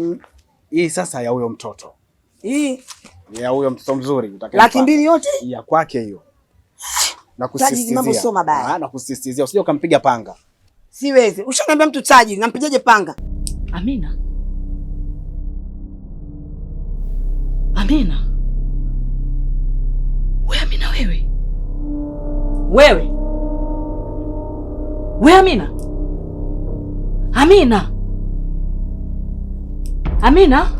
mm. Hii sasa ya huyo mtoto hii ya huyo mtoto mzuri laki mbili yote ya kwake hiyo, nakusisitizia ah, usije ukampiga panga. Siwezi, ushaniambia mtu taji nampigaje panga? Amina, Amina we, Amina wewe, wewe we, Amina, Amina Amina,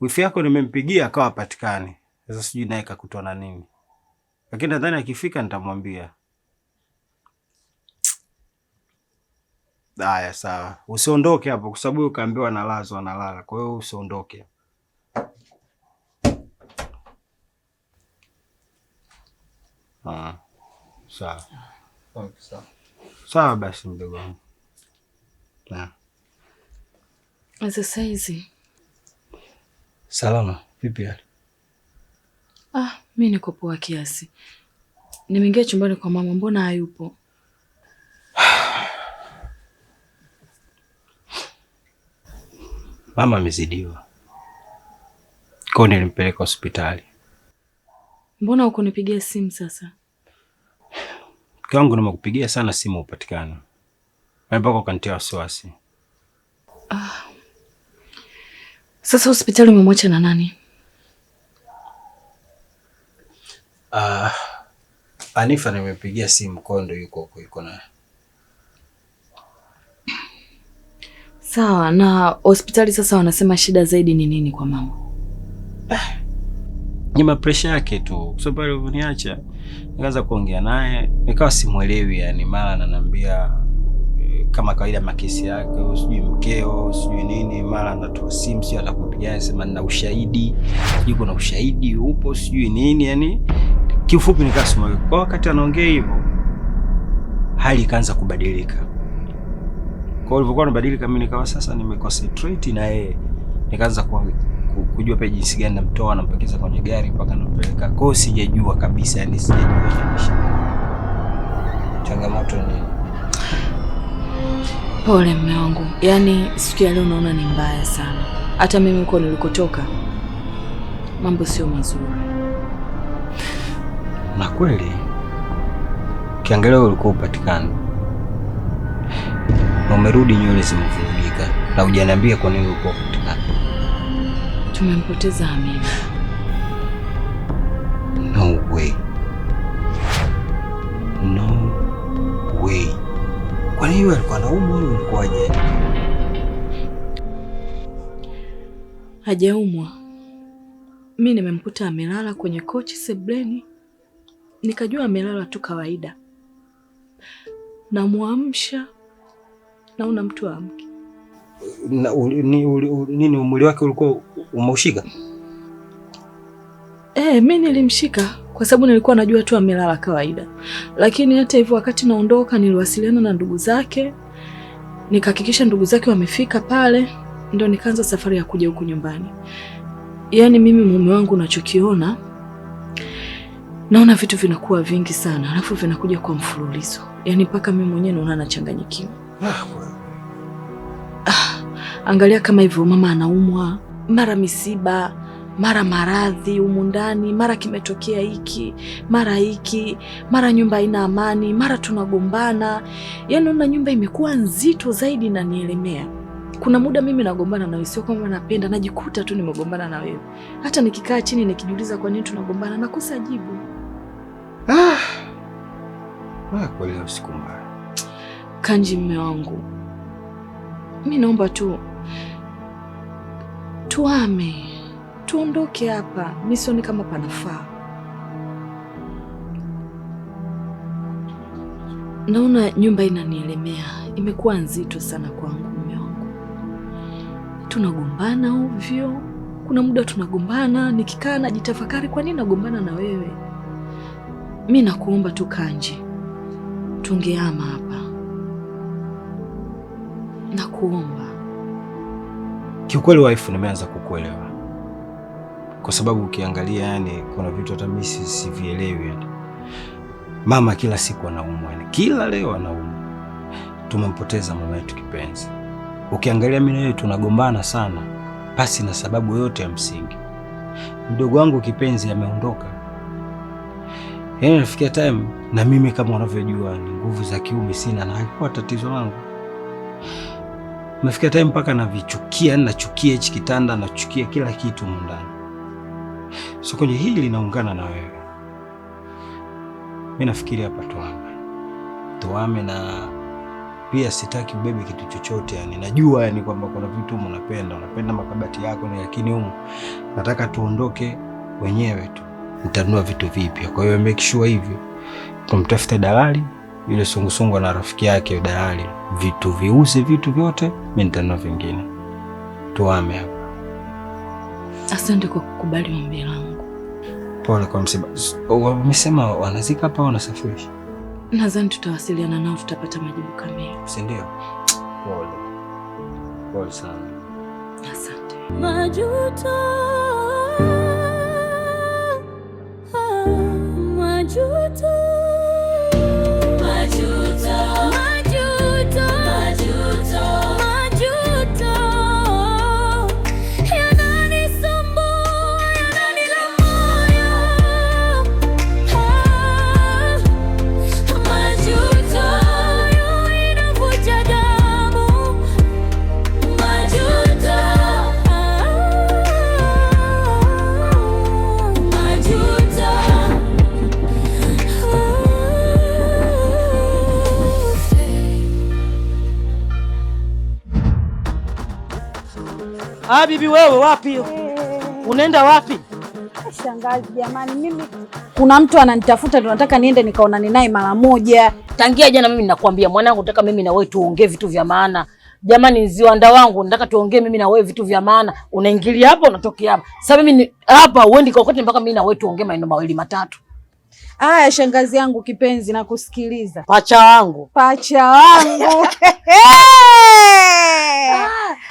wifi yako nimempigia akawa patikani Sasa sijui naye kakutwa na nini, lakini nadhani akifika nitamwambia. Haya, sawa, usiondoke hapo, kwa sababu ukaambiwa nalazwa, nalala. Kwa hiyo usiondoke. Ah. sawa sawa basi mdogo wangu. Sasa salama vipi? Ah, mi niko poa kiasi. Nimeingia chumbani kwa mama, mbona hayupo? Mama amezidiwa, kwa hiyo nilimpeleka hospitali Mbona uko nipigia simu sasa? Mke wangu nimekupigia sana simu upatikana mpaka ukanitia wasiwasi. Ah. Sasa hospitali umemwacha na nani? Ah. Anifa nimepigia simu Kondo yuko huko yuko naye. Sawa, na hospitali sasa wanasema shida zaidi ni nini kwa mama? Ah ni mapresha yake tu, kwa sababu alivyoniacha nikaanza kuongea naye nikawa simwelewi, yani mara ananiambia eh, kama kawaida makesi yake, sijui mkeo, sijui nini, mara anatoa simu, sio atakupigia, sema nina ushahidi, sijui kuna ushahidi upo, sijui nini, yani kifupi nikasema kwa wakati anaongea hivyo, hali ikaanza kubadilika. Kwa hiyo ilivyokuwa inabadilika, mimi nikawa sasa nimeconcentrate na yeye, nikaanza kuangalia kujua pia jinsi gani namtoa, nampakiza kwenye gari mpaka nampeleka kwao, sijajua kabisa, yani sijajua changamoto ni Pole mme wangu, yani siku ya leo unaona ni mbaya sana. Hata mimi huko nilikotoka mambo sio mazuri, na kweli ukiangalia ulikuwa upatikani, umerudi nywele zimevurugika, na hujaniambia kwa nini ulikuwa tumempoteza Amina. No way. No way. Kwa nini alikuwa anaumwa au ilikuwaje? Hajaumwa. Mimi nimemkuta amelala kwenye kochi sebleni, nikajua amelala tu kawaida. Namwamsha naona mtu amke. Na, nini umwili wake ulikuwa Umeushika? Eh, mi nilimshika kwa sababu nilikuwa najua tu amelala kawaida, lakini hata hivyo, wakati naondoka niliwasiliana na ndugu zake, nikahakikisha ndugu zake wamefika pale, ndo nikaanza safari ya kuja huku nyumbani. Yaani mimi mume wangu nachokiona, naona vitu vinakuwa vingi sana, alafu vinakuja kwa mfululizo, yaani mpaka mimi mwenyewe naona nachanganyikiwa. Ah, ah, angalia kama hivyo mama anaumwa, mara misiba, mara maradhi humu ndani, mara kimetokea hiki, mara hiki, mara nyumba haina amani, mara tunagombana. Yaani naona nyumba imekuwa nzito zaidi na nielemea. Kuna muda mimi nagombana na wewe, sio kwamba napenda, najikuta tu nimegombana na wewe. Hata nikikaa chini nikijiuliza kwa nini tunagombana, nakosa jibu. Ah. Ah, kweli usiku mbaya. Kanji, mme wangu, mi naomba tu Tuame, tuondoke hapa. Mi sioni kama panafaa. Naona nyumba inanielemea, imekuwa nzito sana kwangu. Mume wangu, tunagombana ovyo. Kuna muda tunagombana, nikikaa najitafakari, kwa nini nagombana na wewe? Mi nakuomba tu tungeama hapa, nakuomba Kiukweli waifu, nimeanza kukuelewa kwa sababu ukiangalia, yani kuna vitu hata mimi sivielewi. Mama kila siku anaumwa, yani kila leo anaumwa. Tumempoteza mama yetu kipenzi. Ukiangalia mimi na yeye tunagombana sana pasi na sababu yote ya msingi. Mdogo wangu kipenzi ameondoka, yani nafikia time na mimi kama unavyojua ni nguvu za kiume sina, na hakuwa tatizo langu Nafika time mpaka navichukia, nachukia hichi kitanda, nachukia kila kitu mundani. So kwenye hili linaungana na wewe, mi nafikiri hapa tuame, tuame na pia sitaki ubebe kitu chochote. Yani najua yani kwamba kuna vitu humu unapenda, unapenda makabati yako, lakini humu nataka tuondoke wenyewe tu, nitanua vitu vipya. Kwa hiyo make sure hivyo tumtafute dalali yule sungusungu na rafiki yake dalali, vitu viuze vitu vyote, mimi nitanua vingine. Tuame hapa. Asante kwa kukubali ombi langu. Pole kwa msiba. Wamesema wanazika hapa wanasafirisha? Nadhani tutawasiliana nao, tutapata majibu kamili, si ndio? Pole pole sana, asante. Majuto, ah, majuto. bibi wewe, wapi unaenda wapi? Shangazi jamani, mimi kuna mtu ananitafuta, ndio nataka niende nikaonane naye mara moja. Tangia jana mimi nakwambia mwanangu, nataka mimi na wewe tuongee vitu vya maana. Jamani, ziwanda wangu, nataka tuongee mimi na wewe vitu vya maana. Unaingilia hapa, unatokea hapa. Sasa mimi hapa uendi kwa kote mpaka mimi na wewe tuongee maneno mawili matatu. Aya, shangazi yangu kipenzi, nakusikiliza. Pacha wangu, pacha wangu ah!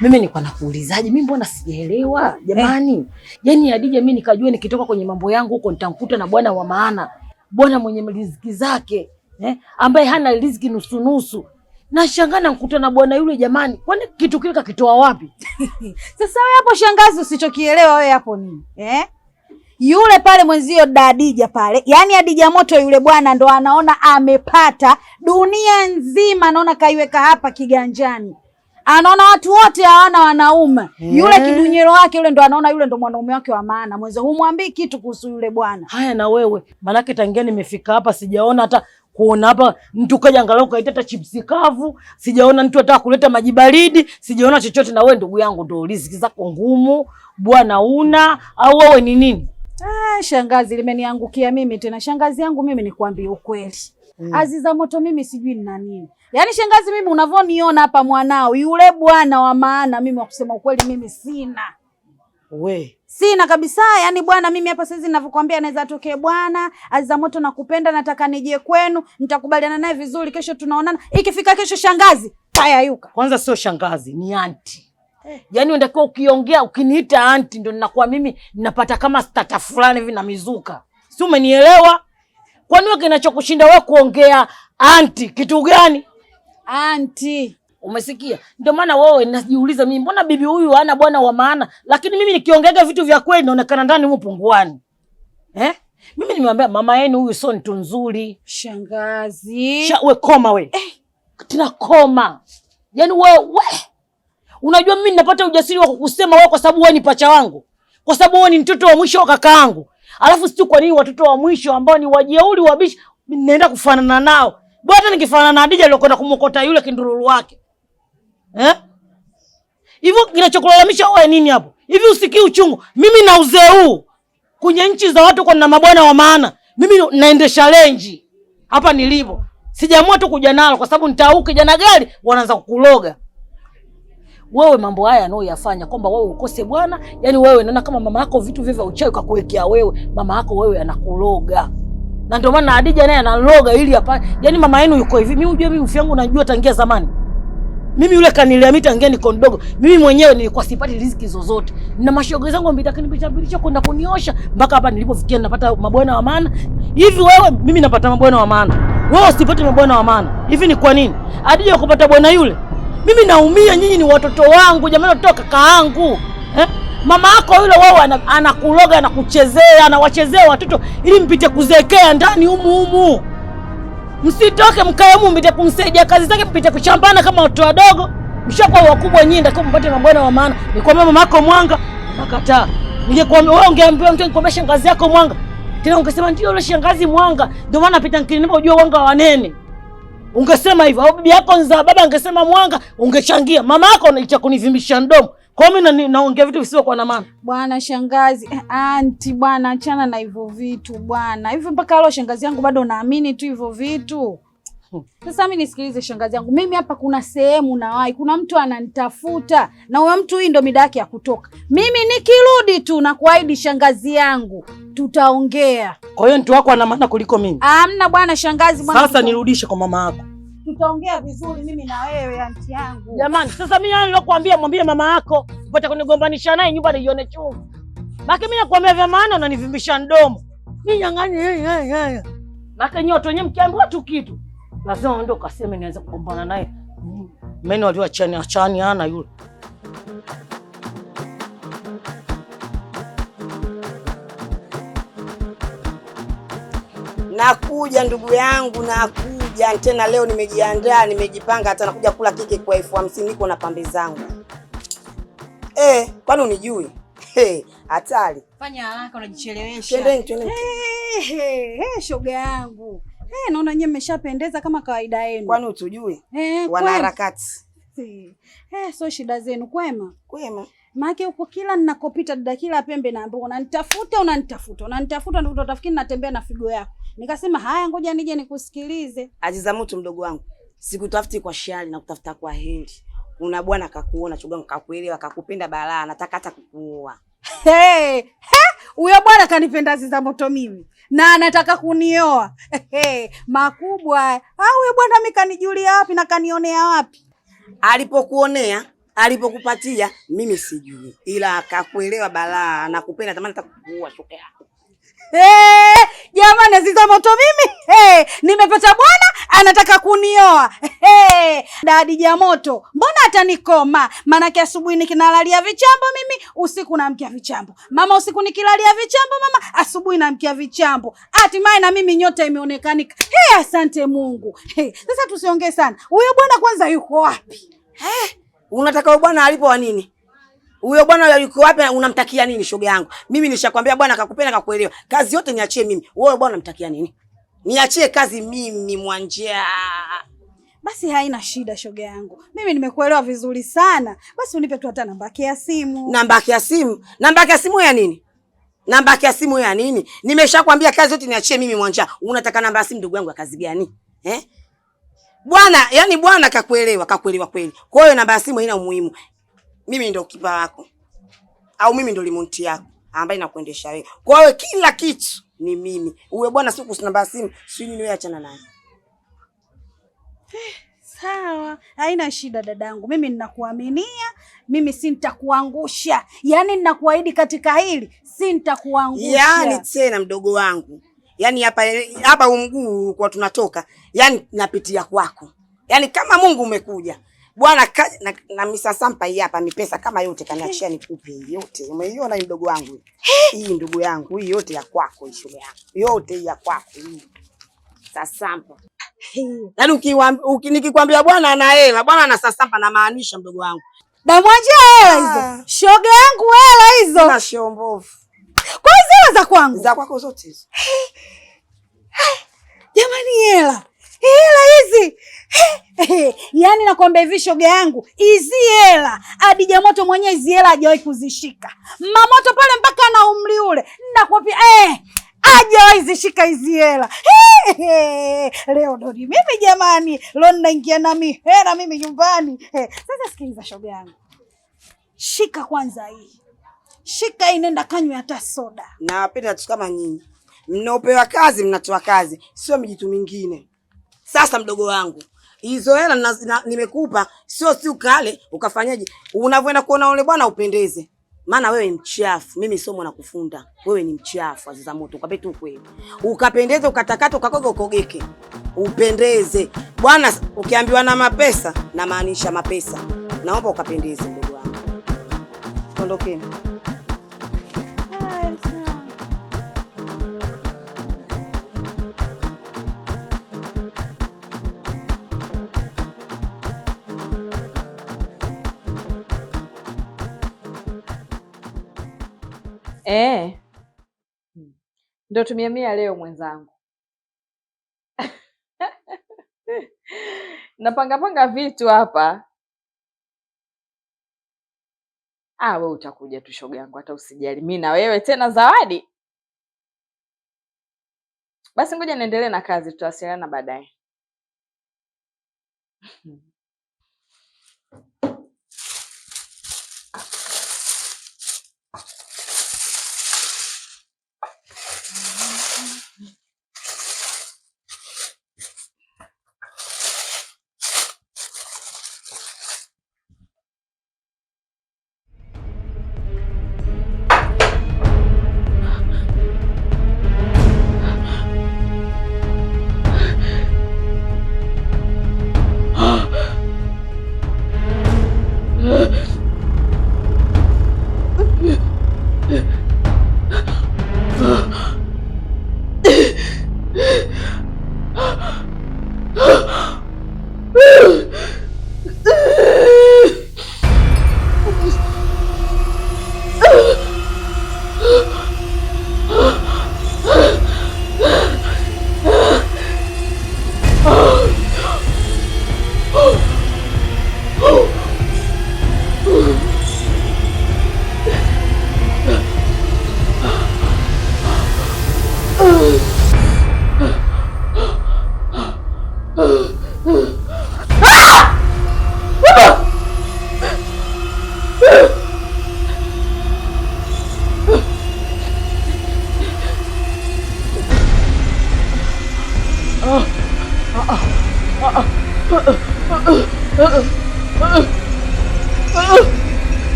Mimi nilikuwa nakuulizaje? Mimi mbona sijaelewa jamani eh? Yaani Hadija, mimi nikajua nikitoka kwenye mambo yangu huko nitamkuta na bwana wa maana, bwana mwenye riziki zake eh? ambaye hana riziki nusunusu. Nashangana nkuta na bwana yule jamani, kwani kitu kile kakitoa wapi? Sasa wewe hapo shangazi, usichokielewa wewe hapo nini eh? Yule pale mwenzio dadija pale, yaani Adija moto yule bwana ndo anaona amepata dunia nzima, anaona kaiweka hapa kiganjani anaona watu wote hawana wanaume yeah. Mm. Yule kidunyero wake yule ndo anaona yule ndo mwanaume wake wa maana, mwenze humwambii kitu kuhusu yule bwana. Haya na wewe, maanake tangia nimefika hapa sijaona hata kuona hapa mtu kaja angalau kaita hata chipsi kavu, sijaona mtu hata kuleta maji baridi, sijaona chochote. Na wewe ndugu yangu, ndo riziki zako ngumu bwana una au wewe ni nini? Ah, shangazi, limeniangukia mimi tena. Shangazi yangu mimi, nikwambie ukweli mm. Aziza Moto mimi sijui nina nini. Yaani shangazi, mimi unavyoniona hapa mwanao yule bwana wa maana, mimi wa kusema ukweli mimi sina we sina kabisa. Yani bwana, mimi hapa saizi ninavyokuambia, anaweza atokee bwana Aziza Moto, nakupenda, nataka nije kwenu, nitakubaliana naye vizuri, kesho tunaonana. Ikifika kesho, shangazi tayayuka. Kwanza sio shangazi, ni anti eh. Yani unatakiwa ukiongea, ukiniita anti, ndio ninakuwa mimi ninapata kama stata fulani hivi na mizuka, si umenielewa? Kwani wewe kinachokushinda wewe kuongea anti kitu gani? Anti, umesikia? Ndio maana wewe najiuliza mimi mbona bibi huyu hana bwana wa maana, lakini mimi nikiongea vitu vya kweli naonekana ndani huko punguani. Eh? Mimi nimemwambia mama yenu huyu sio mtu nzuri. Shangazi. Sha, we koma we. Eh, tena koma. Yaani wewe we. Unajua mimi ninapata ujasiri wa kukusema wewe kwa sababu wewe ni pacha wangu. Kwa sababu wewe ni mtoto wa mwisho wa kakaangu. Alafu sijui kwa nini watoto wa mwisho ambao ni wajeuri wabishi naenda kufanana nao. Bwana nikifanana na Adija aliyokwenda kumokota yule kindururu wake. Eh? Hivyo kinachokulalamisha wewe nini hapo? Hivi usikii uchungu? Mimi na uzee huu kwenye nchi za watu kwa na mabwana wa maana. Mimi naendesha lenji hapa nilipo. Sijaamua tu kuja nalo kwa sababu nitauki jana gari wanaanza kukuloga wewe mambo haya anayoyafanya kwamba wewe ukose bwana, yani wewe naona kama mama yako vitu vivyo vya uchawi kakuwekea wewe, mama yako wewe anakuloga na ndio maana Adija naye analoga ili apa. Yani mama yenu yuko hivi. Mimi unajua mimi ufi yangu najua tangia zamani. Mimi yule kanilia mita ngia niko mdogo. Mimi mwenyewe nilikuwa sipati riziki zozote. Na mashoga zangu mbita kanipicha picha kwenda kuniosha mpaka hapa nilipofikia napata mabwana wa maana. Hivi wewe mimi napata mabwana wa maana. Wewe usipate mabwana wa maana. Hivi ni kwa nini? Adija kupata bwana yule mimi naumia, nyinyi ni watoto wangu jamani, watoto wa kaka yangu eh? Mama yako yule wao anakuloga, anakuchezea, anawachezea watoto ili mpite kuzekea ndani humu humu, msitoke mkae humu, mpite kumsaidia kazi zake, mpite kuchambana kama watoto wadogo. Mshakuwa wakubwa nyinyi, ndio mpate mabwana wa maana. Nikwambia mama yako Mwanga nakataa. Ningekuambia wewe, ungeambiwa mtu, nikwambia shangazi yako Mwanga, tena ungesema ndio yule shangazi Mwanga, ndio maana napita nikinipa, ujue wanga wa wanene ungesema hivyo, au bibi yako nzaa baba angesema mwanga, ungechangia. Mama yako anaita kunivimbisha mdomo. Kwa mimi naongea vitu visivyokuwa na maana. Bwana shangazi, eh, anti bwana, achana na hivyo vitu bwana. Hivi mpaka leo shangazi yangu bado unaamini tu hivyo vitu? Sasa mimi nisikilize, shangazi yangu, mimi hapa kuna sehemu nawahi, kuna mtu ananitafuta na huyo mtu, hii ndo mida yake ya kutoka. Mimi nikirudi tu na kuahidi, shangazi yangu, tutaongea. Kwa hiyo mtu wako ana maana kuliko mimi? Hamna bwana, shangazi bwana. Sasa nirudishe kwa mama yako, tutaongea vizuri mimi na wewe, anti yangu. Jamani, sasa mimi nilokuambia, mwambie mama yako upate kunigombanisha naye, nyumba niione chungu. Baki mimi nakuambia vya maana, unanivimbisha mdomo mimi nyang'anye. Yeye yeye yeye, baki nyoto wenyewe mkiambiwa tu kitu lazima ndio kaseme nianze kugombana naye meno aliyoachani achani ana yule Nakuja ndugu yangu, nakuja tena. Leo nimejiandaa, nimejipanga, hata nakuja kula keki kwa elfu hamsini niko na pambe zangu eh. Kwani unijui? Eh, hatari, fanya haraka, unajichelewesha. Twendeni, twendeni. Eh, eh, shoga yangu Eh, naona nyewe mmeshapendeza kama kawaida yenu. Kwani utujui? Eh, wana harakati. Eh, so shida zenu kwema? Kwema. Maana huko kila ninakopita dada kila pembe na mbo unanitafuta unanitafuta unanitafuta ndio utafikiri natembea na figo yako. Nikasema haya ngoja nije nikusikilize. Aziza mtu mdogo wangu. Sikutafuti kwa shari na kutafuta kwa heri. Una bwana akakuona choga kakuelewa kakupenda balaa anataka hata kukuoa. Hey, he, huyo bwana kanipenda Aziza moto mimi na anataka kunioa makubwa au bwana, mi kanijulia wapi na kanionea wapi? Alipokuonea, alipokupatia mimi sijui, ila akakuelewa balaa, nakupenda tamani atakuua shoka yako Eh, jamani, aziza moto mimi hey, eh, nimepata bwana anataka kunioa hey, eh, dadi ya moto, mbona atanikoma? Maanake asubuhi nikinalalia vichambo mimi, usiku naamkia vichambo mama, usiku nikilalia vichambo mama, asubuhi naamkia vichambo. Hatimaye na mimi nyota imeonekanika. Hey, asante Mungu. Hey, sasa tusiongee sana. Huyo bwana kwanza yuko wapi? Hey, unataka bwana alipo wa nini? Huyo bwana yuko wapi? Unamtakia nini shoga yangu? Mimi nishakwambia bwana akakupenda akakuelewa. Kazi yote niachie mimi. Wewe bwana unamtakia nini? Niachie kazi mimi Mwanjea. Basi haina shida shoga yangu. Mimi nimekuelewa vizuri sana. Basi unipe tu hata namba yake ya simu. Namba yake ya simu? Namba yake ya simu ya nini? Namba yake ya simu ya nini? Nimeshakwambia kazi yote niachie mimi Mwanjea. Unataka namba ya simu ndugu yangu ya kazi gani? Eh? Bwana, yani bwana kakuelewa, kakuelewa kweli. Kwa hiyo namba ya simu haina umuhimu mimi ndo kipa wako au mimi ndo limonti yako ambaye nakuendesha wewe. Kwa hiyo kila kitu ni mimi. Uwe bwana siku namba ya simu si nini, wewe achana naye. Eh, sawa, haina shida dadangu. Mimi ninakuaminia, mimi si nitakuangusha. Yaani ninakuahidi katika hili si nitakuangusha. Yaani tena mdogo wangu. Yaani hapa hapa umguu kwa tunatoka. Yaani napitia kwako. Yaani kama Mungu umekuja bwana kaja na, na misa sampa hii hapa mipesa kama yote kaniachia nikupe yote. Umeiona hii mdogo wangu hii ndugu yangu hii yote ya kwako hii shule yangu yote ya kwako hii sasampa. Yaani nikikwambia bwana ana hela bwana ana sasampa na maanisha mdogo wangu. Damwaje hela ah. hizo? Shoga yangu hela hizo. Na shombovu. Kwa hizo za kwangu. Za kwako zote hizo. Jamani hela. Hela hizi. Eh, eh, yaani nakwambia hivi shoga yangu, hizi hela Adija Moto mwenyewe hizi hela hajawahi kuzishika. Mamoto pale mpaka na umri ule nakwambia eh, hajawahi zishika hizi hela. Eh, leo ndo mimi jamani, leo ninaingia na mihera mimi nyumbani. Sasa sikiliza shoga yangu, shika kwanza hii, shika hii, nenda kanywe hata soda. Na wapenda watu kama nyinyi mnaopewa kazi mnatoa kazi, sio mijitu mingine. Sasa mdogo wangu hizo hela nimekupa, sio si ukale ukafanyaje? Unavyoenda kuona yule bwana upendeze, maana wewe mchafu. Mimi somo na kufunda, wewe ni mchafu. Aziza moto kwa betu kweli, ukapendeze, ukatakata, ukakoga, ukogeke, upendeze bwana. Ukiambiwa na mapesa, namaanisha mapesa. Naomba ukapendeze, ndugu wangu, ondokeni. Eh. Hmm. Ndio tumia mia leo mwenzangu. Napangapanga vitu hapa. Ah, wewe utakuja tu shoga yangu, hata usijali, mi na wewe tena. Zawadi basi, ngoja niendelee na kazi, tutawasiliana baadaye.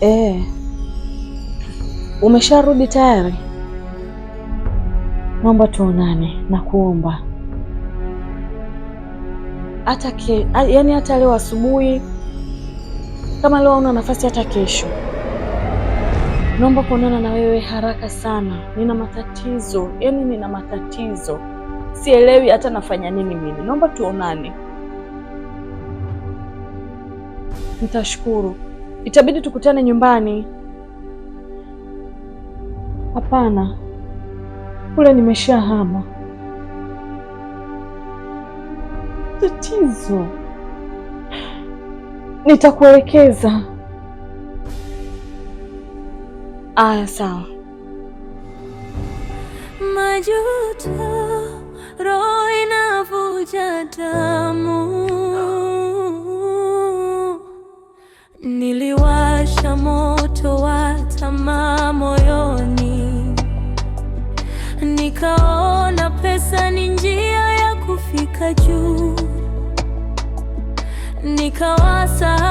Eh, umesharudi tayari? Naomba tuonane na kuomba hata ke, yani hata leo asubuhi, kama leo hauna nafasi, hata kesho. Naomba kuonana na wewe haraka sana, nina matatizo, yani nina matatizo, sielewi hata nafanya nini mimi. Naomba tuonane, nitashukuru itabidi tukutane nyumbani. Hapana, kule nimeshahama. Tatizo nitakuelekeza. Aya, sawa. Majuto, roho inavuja damu moto wa tamaa moyoni, nikaona pesa ni njia ya kufika juu, nikawasa